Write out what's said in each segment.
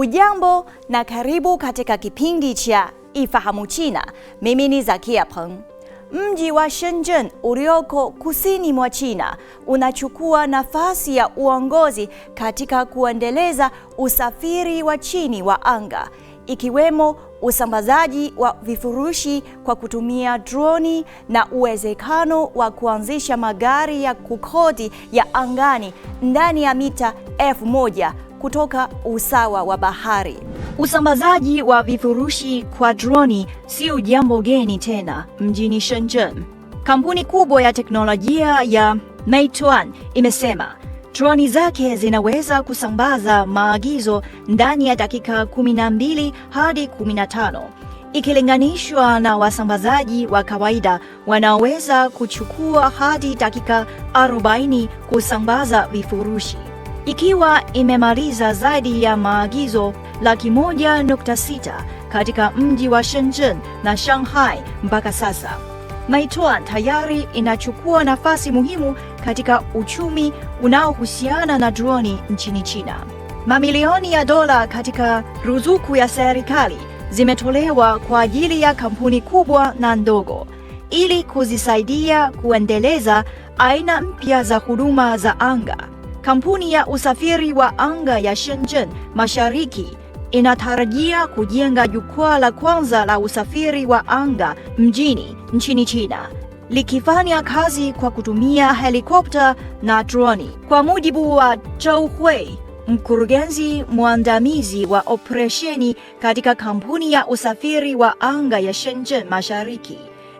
Ujambo na karibu katika kipindi cha Ifahamu China. Mimi ni Zakia Peng. Mji wa Shenzhen ulioko kusini mwa China unachukua nafasi ya uongozi katika kuendeleza usafiri wa chini wa anga, ikiwemo usambazaji wa vifurushi kwa kutumia droni na uwezekano wa kuanzisha magari ya kukodi ya angani ndani ya mita elfu moja kutoka usawa wa bahari. Usambazaji wa vifurushi kwa droni sio jambo geni tena mjini Shenzhen. Kampuni kubwa ya teknolojia ya Meituan imesema droni zake zinaweza kusambaza maagizo ndani ya dakika 12 hadi 15 ikilinganishwa na wasambazaji wa kawaida wanaoweza kuchukua hadi dakika 40 kusambaza vifurushi ikiwa imemaliza zaidi ya maagizo laki moja nukta sita katika mji wa Shenzhen na Shanghai mpaka sasa. Meituan tayari inachukua nafasi muhimu katika uchumi unaohusiana na droni nchini China. Mamilioni ya dola katika ruzuku ya serikali zimetolewa kwa ajili ya kampuni kubwa na ndogo ili kuzisaidia kuendeleza aina mpya za huduma za anga. Kampuni ya usafiri wa anga ya Shenzhen Mashariki inatarajia kujenga jukwaa la kwanza la usafiri wa anga mjini nchini China likifanya kazi kwa kutumia helikopta na droni, kwa mujibu wa Zhou Hui, mkurugenzi mwandamizi wa operesheni katika kampuni ya usafiri wa anga ya Shenzhen Mashariki.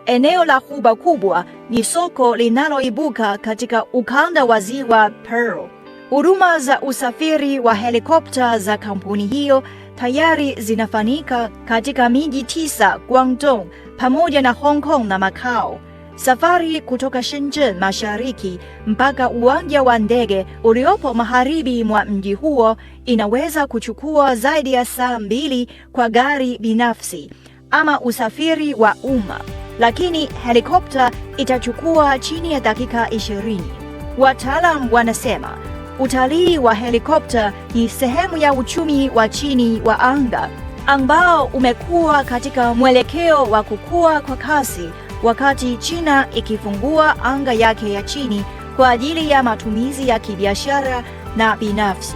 Eneo la huba Kubwa ni soko linaloibuka katika ukanda wa Ziwa Pearl. Huduma za usafiri wa helikopta za kampuni hiyo tayari zinafanyika katika miji tisa Guangdong pamoja na Hong Kong na Macau. Safari kutoka Shenzhen Mashariki mpaka uwanja wa ndege uliopo magharibi mwa mji huo inaweza kuchukua zaidi ya saa mbili kwa gari binafsi ama usafiri wa umma lakini helikopta itachukua chini ya dakika 20. Wataalam wanasema utalii wa helikopta ni sehemu ya uchumi wa chini wa anga ambao umekuwa katika mwelekeo wa kukua kwa kasi wakati China ikifungua anga yake ya chini kwa ajili ya matumizi ya kibiashara na binafsi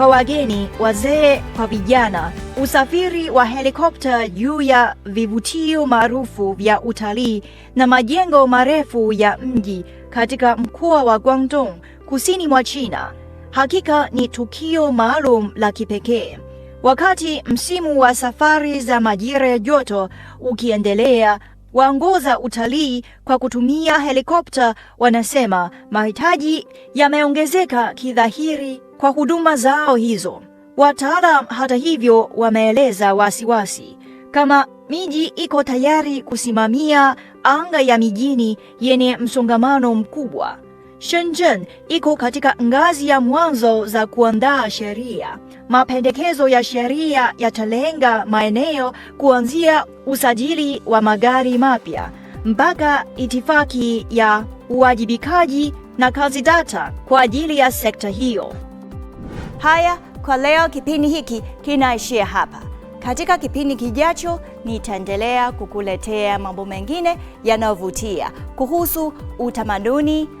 kwa wageni, wazee kwa vijana, usafiri wa helikopta juu ya vivutio maarufu vya utalii na majengo marefu ya mji katika mkoa wa Guangdong, kusini mwa China. Hakika ni tukio maalum la kipekee. Wakati msimu wa safari za majira ya joto ukiendelea, Waongoza utalii kwa kutumia helikopta wanasema mahitaji yameongezeka kidhahiri kwa huduma zao hizo. Wataalam hata hivyo, wameeleza wasiwasi kama miji iko tayari kusimamia anga ya mijini yenye msongamano mkubwa. Shenzhen iko katika ngazi ya mwanzo za kuandaa sheria. Mapendekezo ya sheria yatalenga maeneo kuanzia usajili wa magari mapya mpaka itifaki ya uwajibikaji na kazi data kwa ajili ya sekta hiyo. Haya kwa leo, kipindi hiki kinaishia hapa. Katika kipindi kijacho nitaendelea kukuletea mambo mengine yanayovutia kuhusu utamaduni